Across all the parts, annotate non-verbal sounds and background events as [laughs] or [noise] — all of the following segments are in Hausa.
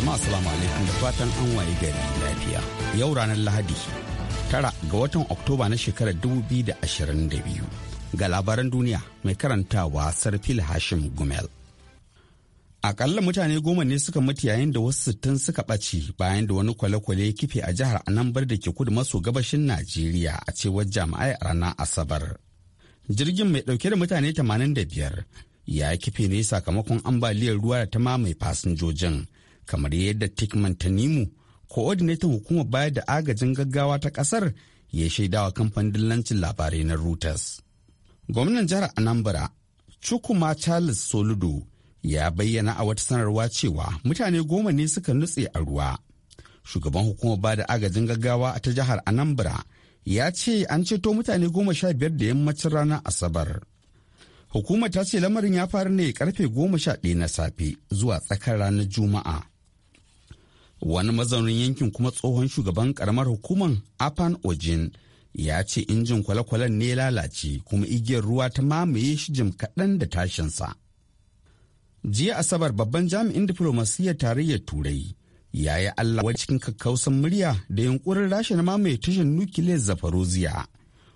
jama'a salamu alaikum da fatan an waye gari lafiya yau ranar lahadi tara ga watan oktoba na shekarar 2022 ga labaran duniya mai karantawa sarfil hashim gumel akalla mutane goma ne suka mutu yayin da wasu sittin suka ɓace bayan da wani kwale-kwale ya kife a jihar anambar da ke kudu maso gabashin najeriya a cewar jami'ai a ranar asabar jirgin mai ɗauke da mutane 85 ya kife ne sakamakon ambaliyar ruwa da ta mamaye fasinjojin kamar yadda Tikman Tanimu, ko'odinatan hukumar bayar da agajin gaggawa ta kasar ya shaidawa kamfanin dillancin labarai na Reuters. Gwamnan jihar Anambra, Chukuma Charles Soludo, ya bayyana a wata sanarwa cewa mutane goma ne suka nutse a ruwa. Shugaban hukumar da agajin gaggawa ta jihar Anambra ya ce an ceto mutane goma sha biyar da yammacin ranar Asabar. Hukumar ta ce lamarin ya faru ne karfe goma sha ɗaya na safe zuwa tsakar ranar Juma'a wani mazaunin yankin kuma tsohon shugaban karamar hukumar afan ojin ya ce injin kwale-kwalen ne lalace kuma igiyar ruwa ta mamaye shi jim kaɗan da tashinsa jiya asabar babban jami'in diflomasiyyar tarayyar turai ya yi allah wa cikin kakkausan murya da yunkurin rasha na mamaye tashar nukiliyar zafaroziya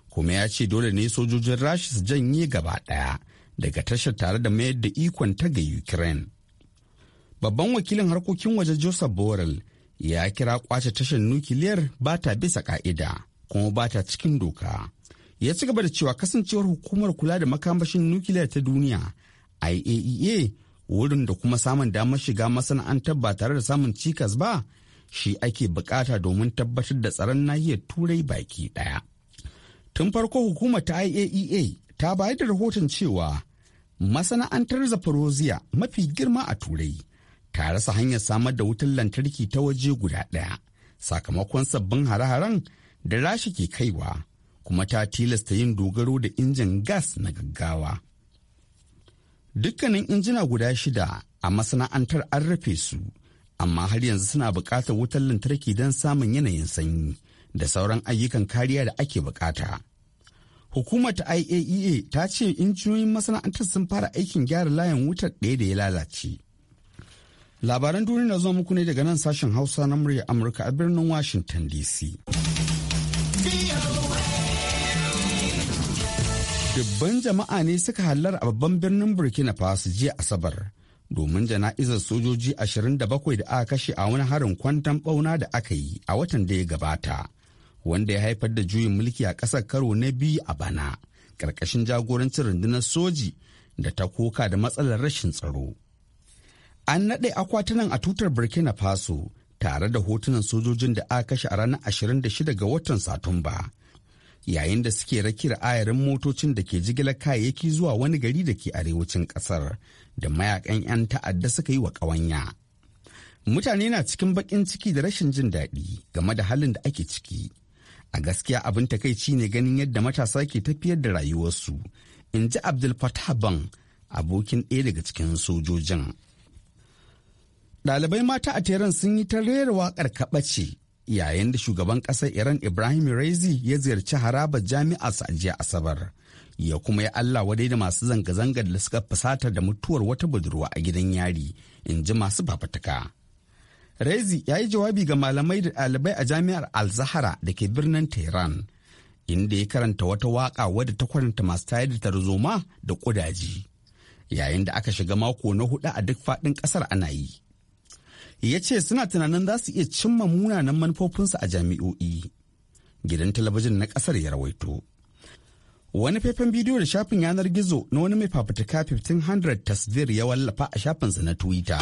kuma ya ce dole ne sojojin rasha su janye gaba ɗaya daga tashar tare da mayar da ikon ta ga ukraine babban wakilin harkokin waje joseph borrell ya kira kwace tashar nukiliyar ba ta bisa ka'ida kuma ba ta cikin doka ya ci gaba da cewa kasancewar hukumar kula da makamashin nukiliyar ta duniya iaea e wurin da kuma samun damar shiga masana'antar ba tare da samun cikas ba shi ake bukata domin tabbatar da tsaron nahiyar turai baki daya tun farko hukumar ta iaea e ta bayar da rahoton cewa masana'antar zaporozhia mafi girma a turai ta rasa hanyar samar da wutar lantarki ta waje guda ɗaya sakamakon sabbin hare-haren da rashi ke kaiwa kuma ta tilasta yin dogaro da injin gas na gaggawa. Dukkanin injina guda shida a masana'antar an rufe su, amma har yanzu suna buƙatar wutar lantarki don samun yanayin sanyi da sauran ayyukan kariya da ake buƙata. Hukumar ta IAEA e ta ce injiniyoyin masana'antar sun fara aikin gyara layin wutar ɗaya da ya lalace, Labaran duniya na zuwa muku ne daga nan sashen Hausa na murya Amurka a birnin Washington DC. Dubban jama'a ne suka hallar a babban birnin Burkina Faso jiya Asabar domin jana'izar sojoji 27 da aka kashe a wani harin kwantan bauna da aka yi a watan da ya gabata, wanda ya haifar da juyin mulki a ƙasar karo na biyu a bana, ƙarƙashin jagorancin rundunar soji da ta koka da matsalar rashin tsaro. an naɗe akwatunan a tutar burkina faso tare da hotunan sojojin da aka kashe a ranar 26 ga watan satumba yayin da suke rakira ayarin motocin da ke jigilar kayayyaki zuwa wani gari da ke arewacin kasar da mayakan 'yan ta'adda suka yi wa ƙawanya. Mutane na cikin baƙin ciki da rashin jin daɗi game da halin da ake ciki. A gaskiya abin takaici ne ganin yadda matasa ke tafiyar da rayuwarsu, in ji Abdul Fatah Ban, abokin ɗaya daga cikin sojojin. Dalibai mata a Tehran sun yi ta rera waƙar kaɓace yayin da shugaban ƙasar Iran Ibrahim Raisi ya ziyarci harabar jami'ar sa jiya Asabar. Ya kuma ya Allah wadai da masu zanga zanga da suka fusata da mutuwar wata budurwa a gidan yari, in ji masu fafataka Raisi ya yi jawabi ga malamai da ɗalibai a jami'ar Al-Zahara da ke birnin Tehran, inda ya karanta wata waƙa wadda ta kwaranta masu tayar da tarzoma da ƙudaji. Yayin da aka shiga mako na hudu a duk faɗin ƙasar ana yi. ya ce suna tunanin za su iya cimma munanan manufofinsu a jami'o'i gidan talabijin na kasar ya rawaito wani faifan bidiyo da shafin yanar gizo na wani mai fafutuka 1500 tasvir ya wallafa a shafinsa na twitter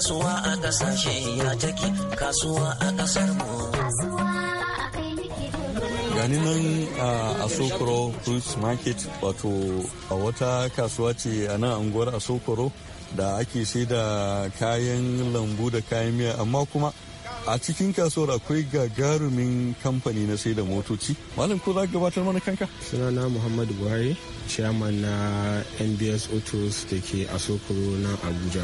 kasuwa a kasashe ya take kasuwa a kasar mu gani nan a asokoro fruits market wato a wata kasuwa ce a nan anguwar asokoro da ake sai da kayan lambu da kayan miya amma kuma a cikin kasuwar akwai gagarumin kamfani na sai da motoci malam ko za gabatar mana kanka sunana muhammadu buhari chairman na nbs autos da ke a sokoro na abuja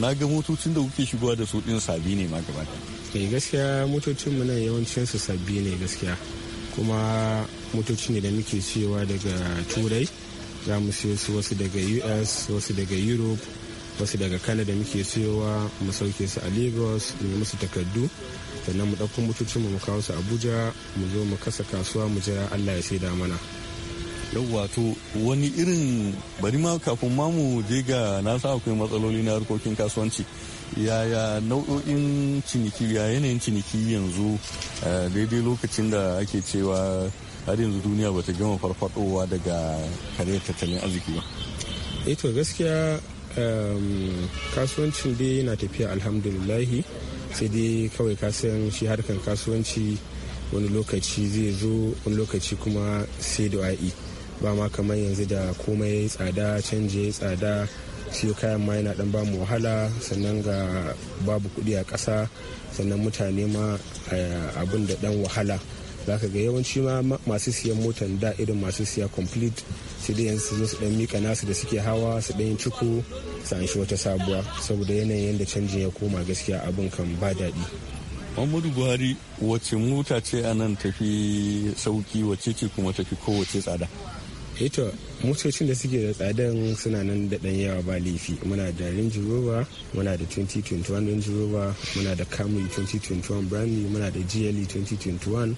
na ga motocin da kuke shigowa da su din sabi ne ma gaba eh, gaskiya motocin mu nan yawancin su sabi ne gaskiya kuma motoci ne da muke cewa daga turai za mu siyo su wasu daga us wasu daga europe wasu daga da muke siyowa mu sauke su a lagos mu musu takardu sannan mu ɗauko mutuncin mu kawo su abuja mu zo mu kasa kasuwa mu jira allah ya saida mana yau wato wani irin bari ma kafin ma mu je ga na sa akwai matsaloli na harkokin kasuwanci yaya nau'o'in ciniki ya yanayin ciniki yanzu eh, daidai lokacin da ake cewa har yanzu duniya bata gama farfadowa daga kare tattalin arziki ba. Eh to gaskiya kasuwancin dai yana tafiya alhamdulillahi sai dai kawai kasan shi harkar kasuwanci wani lokaci zai zo wani lokaci kuma sai da wa'i ba ma kamar yanzu da komai ya yi tsada canji ya yi tsada siyo kayan ma yana dan ba mu wahala sannan ga babu kudi a ƙasa sannan mutane ma eh, abin da dan wahala za ka ga yawanci ma masu siyan motan da irin masu siya complete sai dai yanzu zo su dan mika nasu da suke hawa su dan ciko su an shi wata sabuwa saboda yanayin yadda canjin ya koma gaskiya abin kan ba daɗi Muhammadu Buhari wace mota ce a nan tafi sauki wace ce kuma tafi kowace tsada? ito eh motocin da suke da tsadan suna nan da dan yawa ba laifi muna da range rover muna da 2021 range rover muna da camry 2021 brand new muna da gle 2021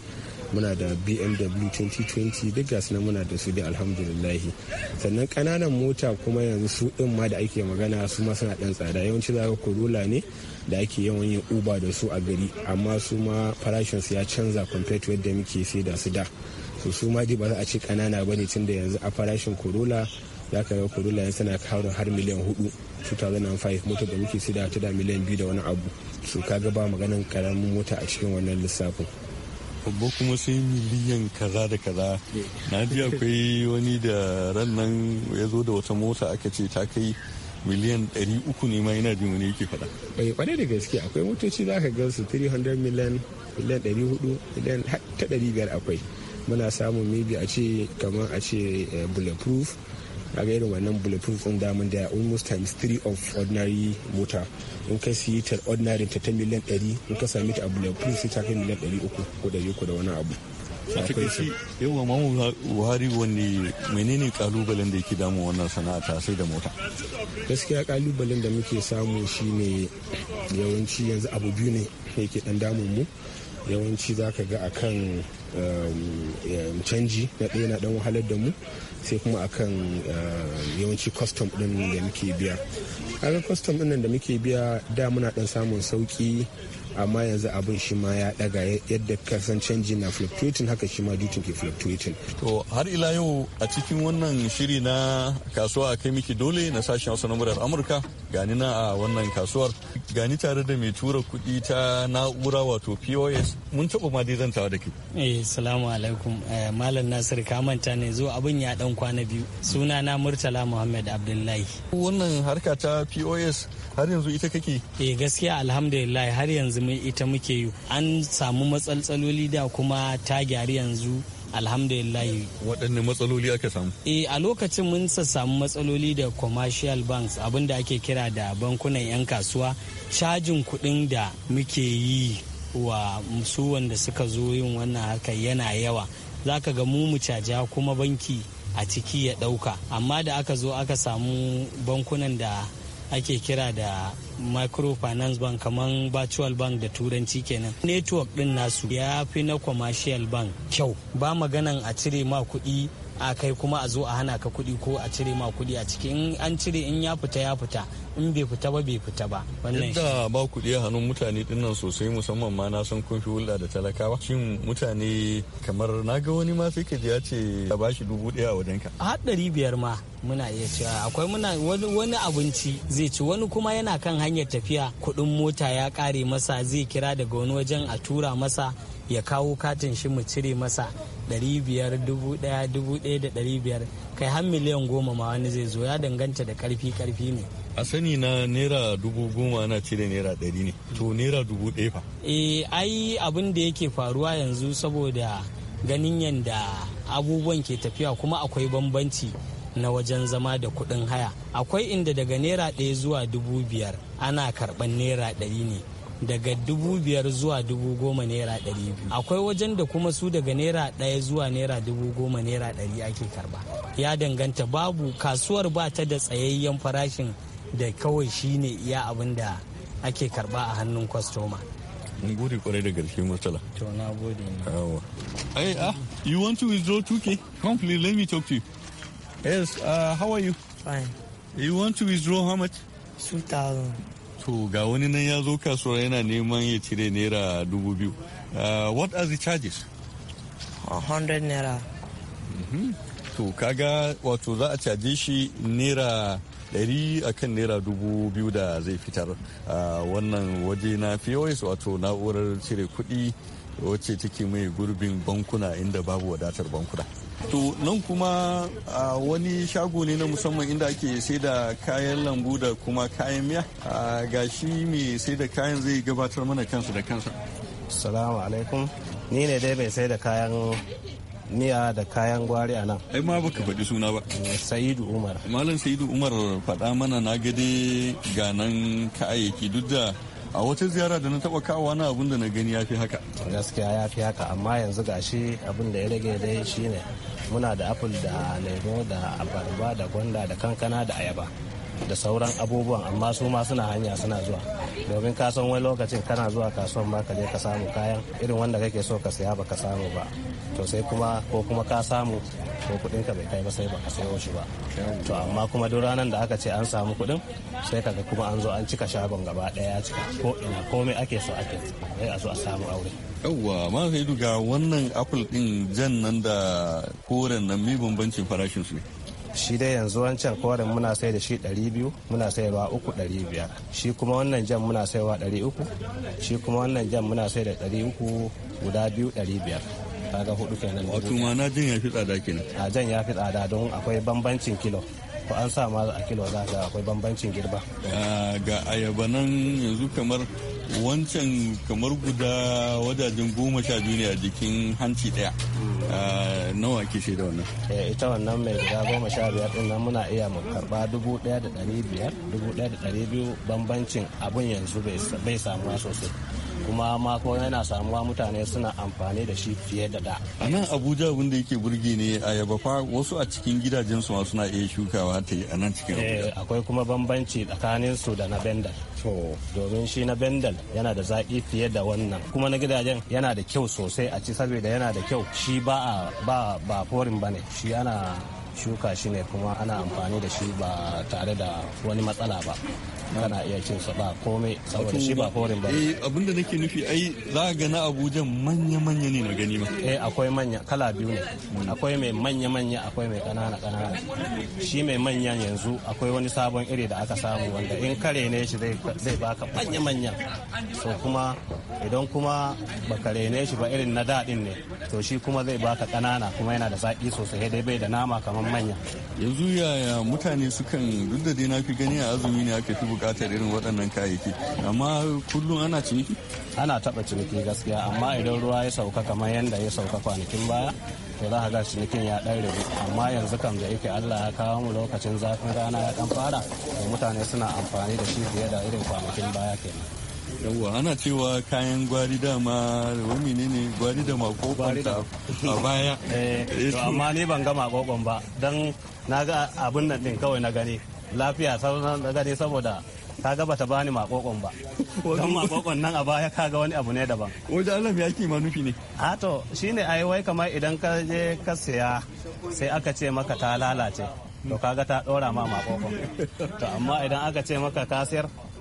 muna da bmw 2020 duk gasu nan muna da su dai alhamdulillahi sannan kananan mota kuma yanzu su din ma da ake magana su ma suna dan tsada yawanci za ka corolla ne da ake yawan yin uber da su a gari amma su ma farashinsu ya canza compared to yadda muke sai da su da to su ma dai ba za a ce kanana ba ne tun da yanzu a farashin corolla za ka ga corolla yanzu tana kawo har miliyan hudu 2005 mota da muke sida ta da miliyan biyu da wani abu su kaga ba maganin karamin mota a cikin wannan lissafin babba kuma sai miliyan kaza da kaza na ji akwai wani da ran nan ya zo da wata mota aka ce ta kai miliyan 300 ne ma yana jin wani yake faɗa. bai eh, kwarai da gaske akwai motoci za ka gansu 300 miliyan miliyan 400 miliyan ta 500 akwai muna samun maybe a ce kamar a ce eh, bulletproof a ga irin wannan bulletproof din damun da almost times three of ordinary mota in ka si ta ordinary ta ta miliyan 100 in ka sami ta a bulletproof sai ta kai miliyan 300 ko 300 da wani abu a shi yau mamu buhari wani menene kalubalen da yake damu wannan sana'a sai da mota gaskiya kalubalen da muke samu shine yawanci yanzu abu biyu ne yake dan damun mu yawanci zaka ga akan Um, um, canji na ɗaya na ɗan wahalar da mu sai kuma akan um, yawanci custom ɗin da muke biya aga custom ɗin da muke biya da muna ɗan samun sauki amma yanzu abin shi ma ya daga yadda kasan canji na fluctuating haka shi ma dutin ke fluctuating to har ila yau a cikin wannan shiri na kasuwa a kai miki dole na sashen wasu na murar amurka gani na a wannan kasuwar gani tare da mai tura kuɗi ta na'ura wato pos mun taɓa ma dai zantawa da ke eh salamu alaikum eh, malam nasir ka manta ne zo abin ya dan kwana biyu suna na murtala muhammad abdullahi wannan harka ta pos har yanzu ita kake eh gaskiya alhamdulillah har yanzu ita muke yi an samu matsaltsaloli da kuma ta gyari yanzu alhamdulillahi waɗanne matsaloli aka samu e a lokacin mun samu matsaloli da commercial banks abinda ake kira da bankunan 'yan kasuwa cajin kuɗin da muke yi wa su wanda suka zo yin wannan haka yana yawa za ka ga mu mu caja kuma banki a ciki ya ɗauka amma da aka zo aka samu bankunan da ake kira da microfinance bank kamar virtual bank da turanci kenan network din nasu ya fi na commercial bank kyau ba maganan a cire ma kuɗi a kai kuma a zo a hana ka kuɗi ko a cire ma kuɗi a ciki in an cire in ya fita ya fita in bai fita ba bai fita ba wannan yadda ba kuɗi a hannun mutane dinnan sosai musamman ma na san kun fi hulɗa da talakawa shin mutane kamar na ga wani ma sai ka ce ka bashi dubu ɗaya a wajenka A ɗari biyar ma muna iya cewa akwai muna wani abinci zai ci wani kuma yana kan hanyar tafiya kudin mota ya kare masa zai kira daga wani wajen a tura masa ya kawo katin shi mu cire masa ɗari biyar dubu ɗaya dubu ɗaya da ɗari biyar kai har miliyan goma ma wani zai zo ya danganta da karfi karfi ne a sani na naira dubu goma ana cire naira ɗari ne to naira dubu ɗaya fa eh ai abin da yake faruwa yanzu saboda ganin yanda abubuwan ke tafiya kuma akwai bambanci na wajen zama da kuɗin haya akwai inda daga naira ɗaya zuwa dubu biyar ana karɓar naira ɗari ne daga dubu biyar zuwa dubu goma naira ɗari biyu akwai wajen da kuma su daga naira ɗaya zuwa naira dubu goma naira ɗari ake karba ya danganta babu kasuwar ba ta da tsayayyen farashin da kawai shine iya abin da ake karba a hannun kwastoma mun gode kwarai da garki matsala. To na gode. Yawa. Ai eh, ah, you want to withdraw 2K? Come please let me talk to you. Yes, uh, how are you? Fine. You want to withdraw how much? 2,000. To ga wani nan ya zo kasuwa yana neman ya cire naira dubu biyu. Uh, what are the charges? 100 naira. Mm-hmm. To kaga wato za a caje shi naira ɗari a kan naira dubu biyu da zai fitar a uh, wannan waje na pos wato na'urar cire kuɗi wacce take mai gurbin bankuna inda babu wadatar bankuna. to nan kuma a wani shago ne na musamman inda ake sai da kayan lambu da kuma kayan miya ga shi mai sai da kayan zai gabatar mana kansu da kansa salamu alaikum ni ne dai mai sai da kayan miya da kayan gwari a nan. Ai ma baka faɗi suna ba. Eh, Sa'idu Umar. Malam Sa'idu Umar faɗa mana na gade ga nan kayayyaki duk da a wata ziyara da na taba kawa na abin da na gani ya fi haka gaskiya ya fi haka amma yanzu gashi abin da ya rage dai shine muna da apple da lemo da abarba da gwanda da kankana da ayaba da sauran abubuwan amma su ma suna hanya suna zuwa domin ka san wani lokacin kana zuwa kasuwan ma ka je ka samu kayan irin wanda kake so ka saya baka samu ba to sai kuma ko kuma ka samu ko kuɗin ka bai kai ba sai baka sayo shi ba to amma kuma duk ranar da aka ce an samu kuɗin sai kaga kuma an zo an cika shagon gaba ɗaya cika ko ina komai ake so ake sai a zo a samu aure yawwa ma sai wannan apple din jan nan da koren nan mi bambancin farashin su shi dai yanzu wancan koren muna sai da shi 200 muna sayarwa 300 shi kuma wannan jan muna sayarwa 300 shi kuma wannan jan muna sai da 300 guda biyu 500 kaga hudu kenan wato ma na jan ya fi tsada kenan a jan ya fi tsada don akwai bambancin kilo ko an sa ma a kilo za ga akwai bambancin girba ah, ga ayaba nan yanzu kamar wancan kamar guda wadajen goma sha biyu a jikin hanci daya hmm. ah, nawa ke shi da wannan eh, ita wannan mai guda goma sha biyar din nan muna iya mu karba dubu daya da dari biyar dubu daya da dari biyu bambancin abun yanzu bai samuwa sosai kuma mako yana samuwa mutane suna amfani da shi fiye da da a nan abuja wanda yake burge ne yaba fa wasu a cikin gidajen su suna iya shukawa ta yi a nan cikin abuja eh, akwai kuma bambanci tsakanin su da na bendal domin shi na bendal yana da zaƙi fiye da wannan kuma na gidajen yana da kyau sosai a ci saboda yana da kyau shi ba ba ba forin bane shi ana shuka shi ne kuma ana amfani da shi ba tare da wani matsala ba kana iya cin su ba komai saboda shi ba forin ba eh abin da nake nufi ai za ga na Abuja manya manya ne na gani ma eh akwai manya kala biyu ne akwai mai manya manya akwai mai kanana kanana shi mai manya yanzu akwai wani sabon iri da aka samu wanda in kare ne shi zai zai baka manya manya so kuma idan kuma kare ne shi ba irin na dadin ne to shi kuma zai baka kanana kuma yana da zaki sosai dai bai da nama kamar kamar manya yanzu yaya mutane sukan duk da dai na fi gani a azumi ne aka fi bukatar irin waɗannan kayayyaki amma kullum ana ciniki ana taɓa ciniki gaskiya amma idan ruwa ya sauka kamar yadda ya sauka kwanakin baya to za a ga cinikin ya ɗan rabu amma yanzu kam da yake Allah ya kawo mu lokacin zafin rana ya ɗan fara to mutane suna amfani da shi fiye da irin kwanakin baya kenan yawwa ana cewa kayan gwari dama wani ne ne gwari da mako a baya [laughs] eh, eh, amma ni ban ga makokon ba don na ga abin nan din kawai na gani lafiya na gani saboda ka ga bata bani makokon ba don makokon nan a baya ka ga wani abu ne daban wajen allah ya ma nufi ne a to shine ai wai kamar idan ka je ka siya sai aka ce maka ta lalace to kaga ta dora ma makokon [laughs] to amma idan aka ce maka ka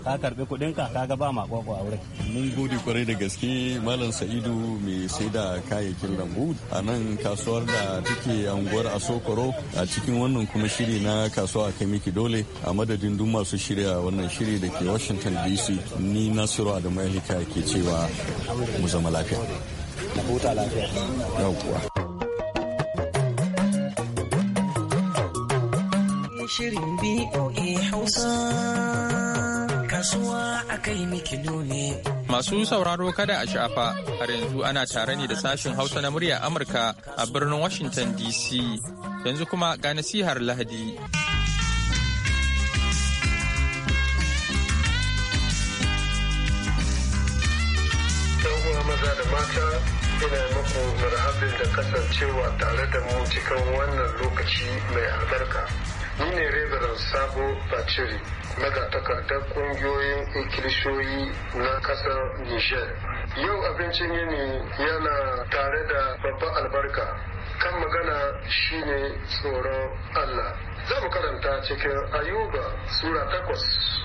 ka karbi kuɗin ka kaga ba ma kwakwa a wurin mun gode kwarai da gaske malam sa'idu mai sai da kayayyakin lambu a nan kasuwar da take anguwar asokoro a cikin wannan kuma shiri na kasuwa kai miki dole a madadin duk masu shirya wannan shiri da ke washington dc ni nasiru adamu yalika ke cewa mu zama lafiya lafiya shirin BOA Hausa. kasuwa a kai nune. Masu sauraro kada a shafa har yanzu ana tare ne da sashen Hausa na murya Amurka a birnin Washington DC. Yanzu kuma ga nasihar Lahadi. maza da mata ina muku da kasancewa tare da mu cikin wannan lokaci mai albarka. Ni ne Reverend Sabo Baciri, takardar kungiyoyin ikilishoyi na kasar Niger. Yau abincin yini yana tare da babban albarka kan magana shine tsoron Allah. Za mu karanta cikin Ayuba Sura takwas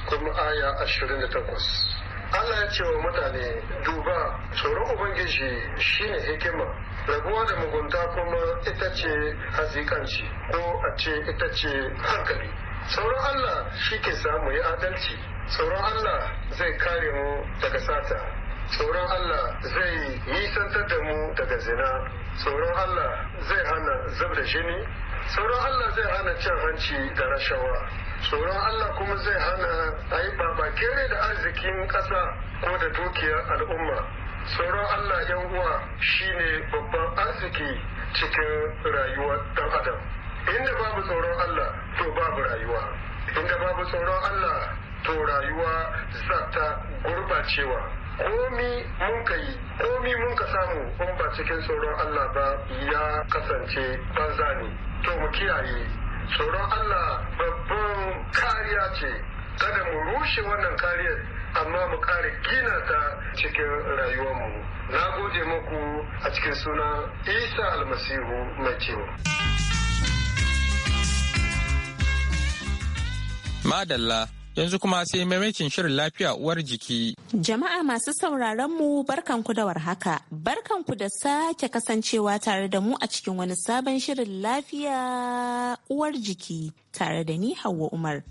kuma aya ashirin takwas. Allah ya ce wa mutane duba tsoron Ubangiji shi ne hikima rabuwa da mugunta kuma ita ce hazikanci ko a ce ita ce hankali tsoron Allah shi ke samu ya adalci tsoron Allah zai kare mu daga sata tsoron Allah zai nisantar da mu daga zina tsoron Allah zai hana zub da jini sauran allah zai hana cin hanci da rashawa tsoron allah kuma zai hana a yi babakere da arzikin ƙasa ko da dukiyar al'umma sauran allah yan uwa shine babban arziki cikin rayuwar dan adam inda babu tsoron allah to babu rayuwa inda babu tsoron allah to rayuwa za ta gurbacewa komi mun ka yi komi mun ka samu in ba cikin tsoron Allah ba ya kasance banza ne to mu kiyaye tsoron Allah babban kariya ce kada mu rushe wannan kariyar amma mu kare gina ta cikin mu. na gode muku a cikin suna isa almasihu mai cewa madalla Yanzu kuma sai maimakin shirin lafiya uwar jiki. Jama'a masu sauraron mu barkan ku da warhaka. ku da sake kasancewa tare da mu a cikin wani sabon shirin lafiya uwar jiki tare da ni Hauwa Umar.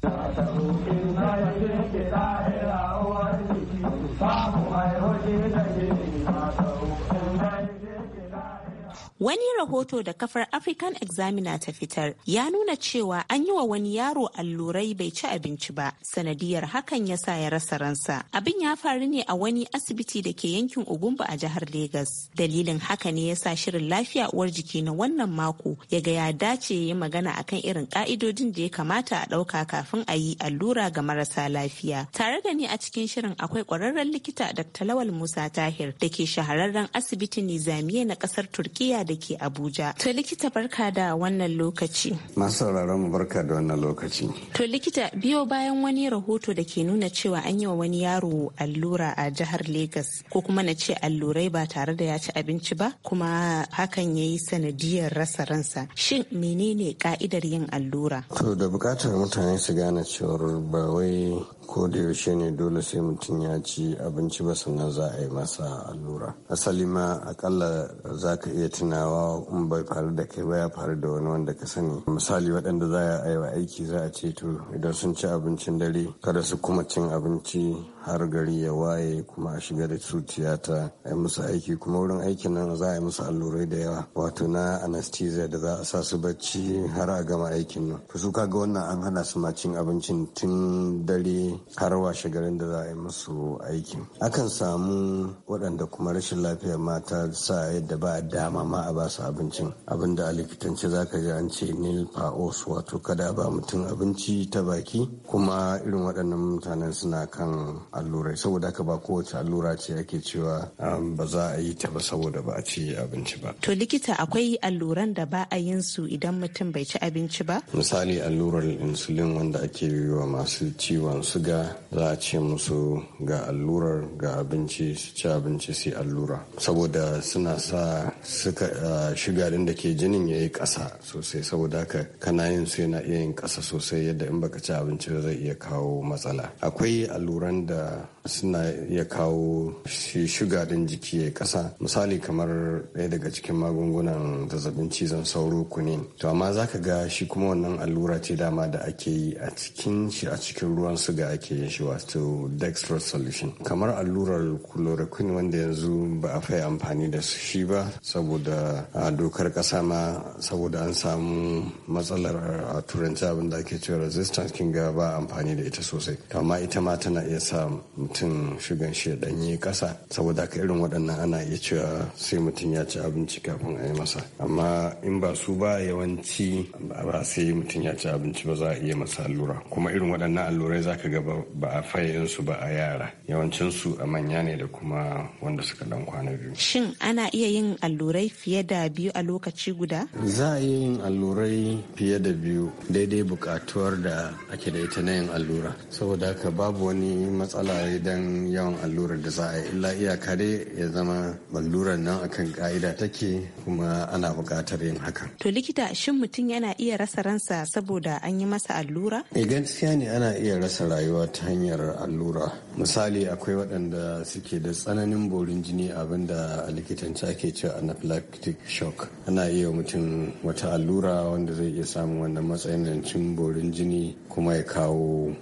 Wani rahoto da kafar African Examiner ta fitar ya nuna cewa an yi wa wani yaro allurai bai ci abinci ba, sanadiyar hakan ya sa ya rasa ransa. Abin ya faru ne a wani asibiti da ke yankin Ogunba a jihar Legas. Dalilin haka ne ya sa shirin lafiya uwar jiki na wannan mako ya ga ya dace ya magana akan irin ka'idojin da ya kamata a ɗauka kafin a yi allura ga marasa lafiya. Tare da ni a cikin shirin akwai ƙwararren likita Dr. Lawal Musa Tahir da ke shahararren asibitin Nizamiye na ƙasar Turkiya da ke Abuja. To likita barka da wannan lokaci. Masu sauraron mu barka da wannan lokaci. To likita biyo bayan wani rahoto da ke nuna cewa an yi wa wani yaro allura a jihar Legas ko kuma na ce allurai ba tare da ya ci abinci ba kuma hakan ya yi sanadiyar rasa ransa. Shin menene ka'idar yin allura? To da bukatar mutane su gane cewar ba wai ko da yaushe ne dole sai mutum ya ci abinci ba sannan za a yi masa allura asali ma akalla za ka iya tuna nawa in bai faru da kai ba ya faru da wani wanda ka sani misali waɗanda za a yi wa aiki za a ce to idan sun ci abincin dare kada su kuma cin abinci har gari ya waye kuma a shiga da su tiyata a yi musu aiki kuma wurin aikin nan za a yi musu allurai da yawa wato na anesthesia da za a sa su bacci har a gama aikin nan to su kaga wannan an hana su ma cin abincin tun dare har washe garin da za a yi musu aikin akan samu waɗanda kuma rashin lafiyar mata sa yadda ba a dama ma a ba su abincin abinda a likitance zaka ji an ce nil paos wato kada ba mutum abinci ta baki kuma irin waɗannan mutanen suna kan allurai saboda haka ba kowace allura ce ake cewa um, ba za a yi ta ba saboda ba a ci abinci ba to likita akwai alluran da ba a yin su idan mutum bai ci abinci ba misali allurar insulin wanda ake yi wa masu ciwon suga za a ce musu ga allurar ga abinci su ci abinci su allura saboda suna sa suka shiga da ke jinin ya yi ƙasa sosai saboda haka kana yin su yana iya yin ƙasa sosai yadda in baka ci abinci zai iya kawo matsala akwai alluran da suna iya kawo shi shuga din jiki ya kasa misali kamar ɗaya daga cikin magungunan zazzabin cizon sauro kunin to amma zaka ga shi kuma wannan allura ce dama da ake yi a cikin shi a cikin ruwan suga ake yin shi wato dextrose solution kamar allurar chloroquine wanda yanzu ba a fai amfani da shi ba saboda a dokar kasa ma saboda an samu matsalar a turanci abin da ake cewa resistance kin ga ba amfani da ita sosai amma ita ma tana iya sa mutum shugan shi ya ɗanyi kasa saboda ka irin waɗannan ana iya cewa sai mutum ya ci abinci kafin a yi masa amma in ba su ba yawanci ba sai mutum ya ci abinci ba za a iya masa allura kuma irin waɗannan allurai za ka ga ba a fayin su ba a yara yawancin su a manya ne da kuma wanda suka dan kwana biyu shin ana iya yin allurai fiye da biyu a lokaci guda za a iya yin allurai fiye da biyu daidai buƙatuwar da ake da ita na yin allura saboda haka babu wani matsala Idan yawan allurar da za a yi illa iyaka dai ya zama allurar nan akan ka'ida take kuma ana buƙatar yin haka. to likita shin mutum yana iya rasa ransa saboda an yi masa allura Idan eh, gaskiya ne ana iya rasa rayuwa ta hanyar allura misali akwai waɗanda suke da tsananin borin jini abinda a likitanci ake cewa anaphylactic shock ana iya mutum wata allura wanda zai iya samun wannan matsayin borin jini kuma ya kawo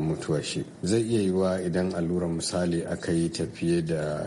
mutuwar shi zai iya yiwuwa idan allura misali aka yi tafiye da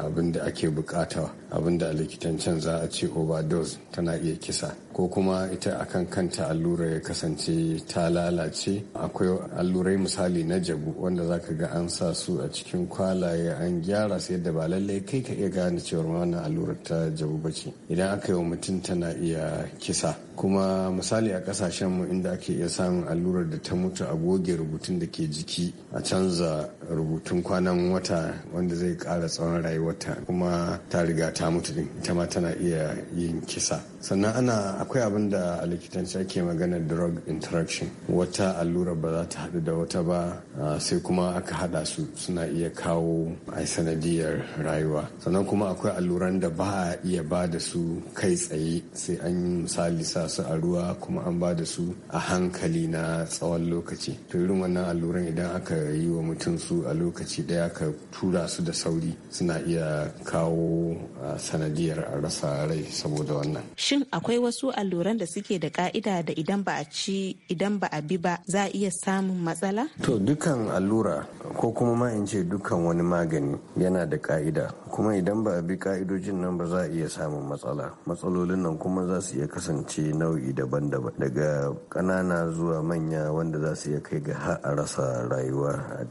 abin da ake bukata abin da a likitancen za a ce overdose tana iya kisa ko kuma ita akan kanta allura ya kasance ta lalace akwai allurai misali na jabu wanda za ka ga an sa su a cikin kwalaye an gyara su yadda ba lallai kai ka iya gane cewar wannan allurar ta jabu ba ce idan aka yi wa mutum tana iya kisa kuma misali a kasashen mu inda ake iya samun allurar da ta mutu a goge rubutun da ke jiki a canza rubutun kwanan wata wanda zai kara tsawon rayuwa rayuwarta kuma ta riga ta mutu din ita ma tana iya yin kisa sannan ana akwai abin da a likitanci ake magana drug interaction wata allura ba za ta haɗu da wata ba sai kuma aka haɗa su suna iya kawo a sanadiyar rayuwa sannan kuma akwai alluran da ba a iya ba da su kai tsaye sai an yi misali sa su a ruwa kuma an ba da su a hankali na tsawon lokaci to irin wannan alluran idan aka yi wa mutum su a lokaci ɗaya ka tura su da sauri suna iya kawo sanadiyar a rasa rai saboda wannan. Shin akwai wasu alluran da suke da ka'ida da idan ba a ci idan ba a bi ba za a iya samun matsala? To dukkan allura ko kuma ma in ce dukkan wani magani yana da ka'ida kuma idan ba a bi ka'idojin nan ba za a iya samun matsala. Matsalolin nan kuma za su iya kasance nau'i daban-daban daga ƙanana zuwa manya wanda za su iya kai ga har a rasa rayuwa a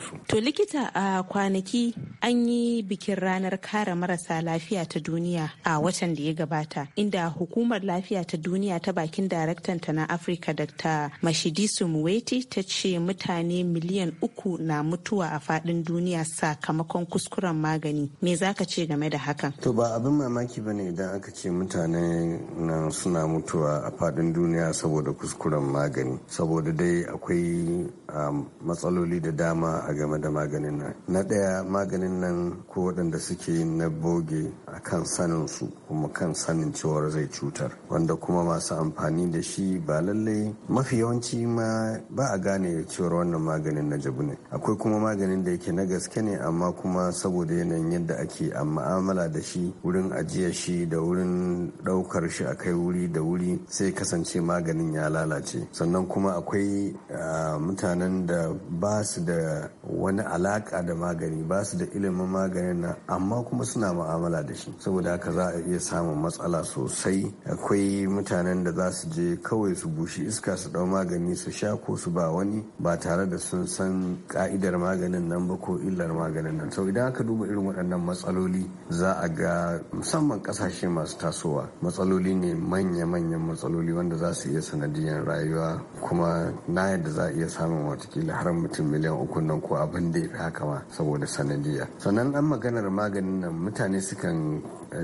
su To likita a kwanaki an yi cikin ranar kare marasa lafiya ta duniya a watan da ya gabata inda hukumar lafiya ta duniya ta bakin daraktan ta na afirka dr mashidisu muweti ta ce mutane miliyan uku na mutuwa a fadin duniya sakamakon kuskuren magani me zaka ce game da hakan to ba abin mamaki bane idan aka ce mutane na suna mutuwa a fadin duniya saboda kuskuren magani saboda dai akwai Um, matsaloli da dama a game da maganin nan na ɗaya maganin nan ko waɗanda suke na boge a kan sanin su kuma kan sanin cewar zai cutar wanda kuma masu amfani da shi ba lallai mafi yawanci ma ba a gane cewar wannan maganin na jabu ne akwai kuma maganin da yake na gaske ne amma kuma saboda yanayin yadda ake a mu'amala da shi wurin ajiyar shi da wurin ɗaukar shi a kai wuri da wuri sai kasance maganin ya lalace sannan kuma akwai uh, mutane mutanen da ba su da wani alaka da magani ba su da ilimin maganin nan amma kuma suna mu'amala da shi saboda haka za a iya samun matsala sosai akwai mutanen da za su je kawai su bushe iska su dau magani su sha ko su ba wani ba tare da sun san ka'idar maganin nan ba ko illar maganin nan sau idan aka duba irin waɗannan matsaloli za a ga musamman ƙasashe masu tasowa matsaloli ne manya-manyan matsaloli wanda za su iya sanadiyar rayuwa kuma na yadda za a iya samun watakila har mutum miliyan uku nan ko abin da ya fi haka ma saboda sanadiyya sannan an maganar maganin nan mutane sukan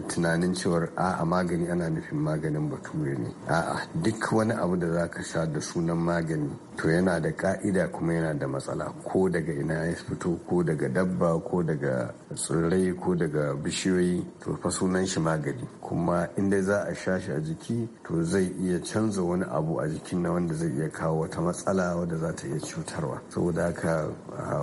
tunanin cewar a'a magani ana nufin maganin bature ne a'a duk wani abu da zaka sha da sunan magani to yana da ka'ida kuma yana da matsala ko daga ina ya fito ko daga dabba ko daga tsirrai ko daga bishiyoyi to fa sunan shi magani kuma inda za a sha shi a jiki to zai iya canza wani abu a jikin na wanda zai iya kawo wata matsala wadda za ta iya cutarwa saboda haka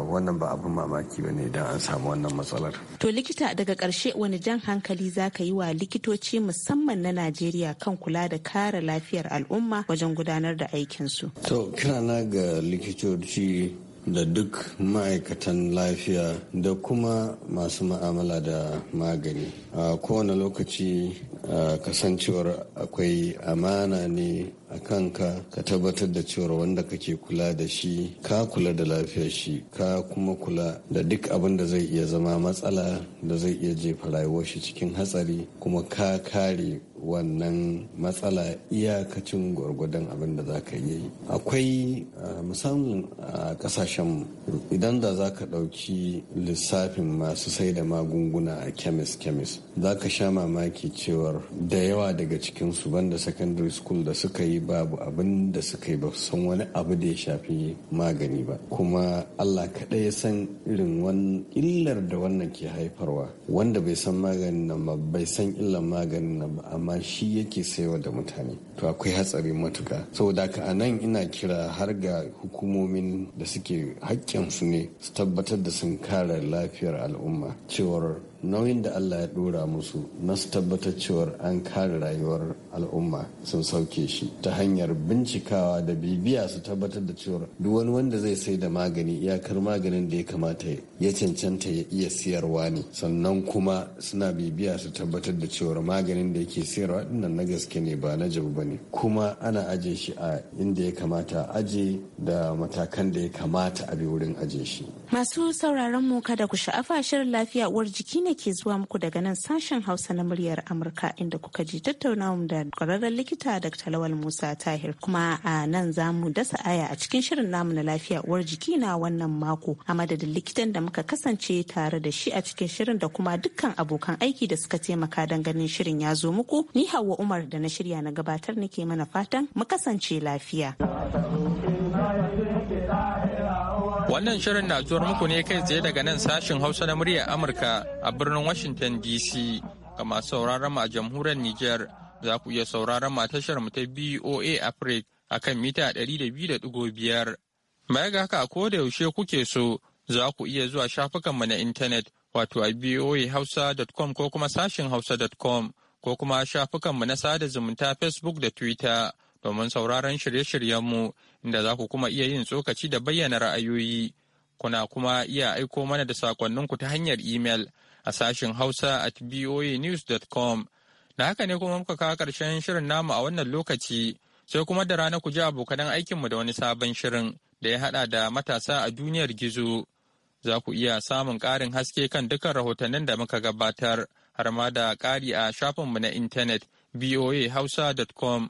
wannan ba abin mamaki ba ne idan an samu wannan matsalar to likita daga ƙarshe wani jan hankali za ka yi wa likitoci musamman na Najeriya kan kula da kare lafiyar al'umma wajen gudanar da aikin aikinsu? To, na ga likitoci da duk ma'aikatan lafiya da kuma masu ma'amala da magani a kowane lokaci kasancewar akwai amana ne a kanka ka tabbatar da cewar wanda kake kula da shi ka kula da lafiyar shi ka kuma kula da duk abin da zai iya zama matsala da zai iya jefa rayuwar shi cikin hatsari kuma ka kare wannan matsala iyakacin gwargwadon abin da za ka yi akwai musamman a kasashen idan da za ka ɗauki lissafin masu sai da magunguna a kemis kemis za ka sha mamaki cewa cewar da yawa daga cikinsu banda secondary school da suka yi babu abin da suka yi ba san wani abu da ya shafi magani ba kuma allah kaɗai ya san irin wani illar da wannan ke haifarwa wanda bai san maganin nan ba bai san illar maganin nan ba amma shi yake saiwa da mutane to akwai hatsarin matuka saboda ka a nan ina kira har ga hukumomin da suke haƙƙinsu ne su tabbatar da sun kare lafiyar al'umma cewar nauyin da allah ya dora musu na su tabbatar cewar an kare rayuwar al'umma sun sauke shi ta hanyar bincikawa da bibiya su tabbatar da cewar duk wani wanda zai sai da magani iyakar maganin da ya kamata ya cancanta ya iya siyarwa ne sannan kuma suna bibiya su tabbatar da cewar maganin da yake siyarwa dinnan na gaske ne ba na jabu ba ne kuma ana aje shi a inda ya kamata aje da matakan da ya kamata a bi wurin aje shi masu sauraron mu kada ku sha'afa shirin lafiya uwar jiki ne ne ke zuwa muku daga nan sashen Hausa na muryar Amurka inda kuka ji tattaunawar da kwararren likita Dr. Lawal Musa Tahir. Kuma a nan za mu dasa aya a cikin shirin namu na lafiya uwar jiki na wannan mako a madadin likitan da muka kasance tare da shi a cikin shirin da kuma dukkan abokan aiki da suka taimaka don ganin shirin ya zo muku. Ni Hauwa Umar da na shirya na gabatar nake mana fatan mu kasance lafiya. Wannan shirin na zuwar muku ne kai tsaye daga nan sashin Hausa na muryar Amurka a birnin Washington DC. Ga masu sauraron a jamhuriyar Nijar za ku iya sauraron a tashar mu ta BOA Africa a kan mita 200.5. Baya ga haka ko da yaushe kuke so za ku iya zuwa shafukanmu na intanet wato a boahausa.com ko kuma sashin Hausa hausa.com ko kuma shafukanmu na sada zumunta Facebook da Twitter domin sauraron shirye-shiryenmu. inda za ku kuma iya yin tsokaci da bayyana ra'ayoyi. Kuna kuma iya aiko mana da saƙonninku ta hanyar imel a sashen Hausa at voanews.com. Da haka ne kuma muka kawo ƙarshen shirin namu a wannan lokaci, sai kuma da rana ku ji abokanan aikinmu da wani sabon shirin da ya haɗa da matasa a duniyar gizo. Za ku iya samun ƙarin haske kan dukkan rahotannin da muka gabatar, har ma da ƙari a shafinmu na intanet voahausa.com.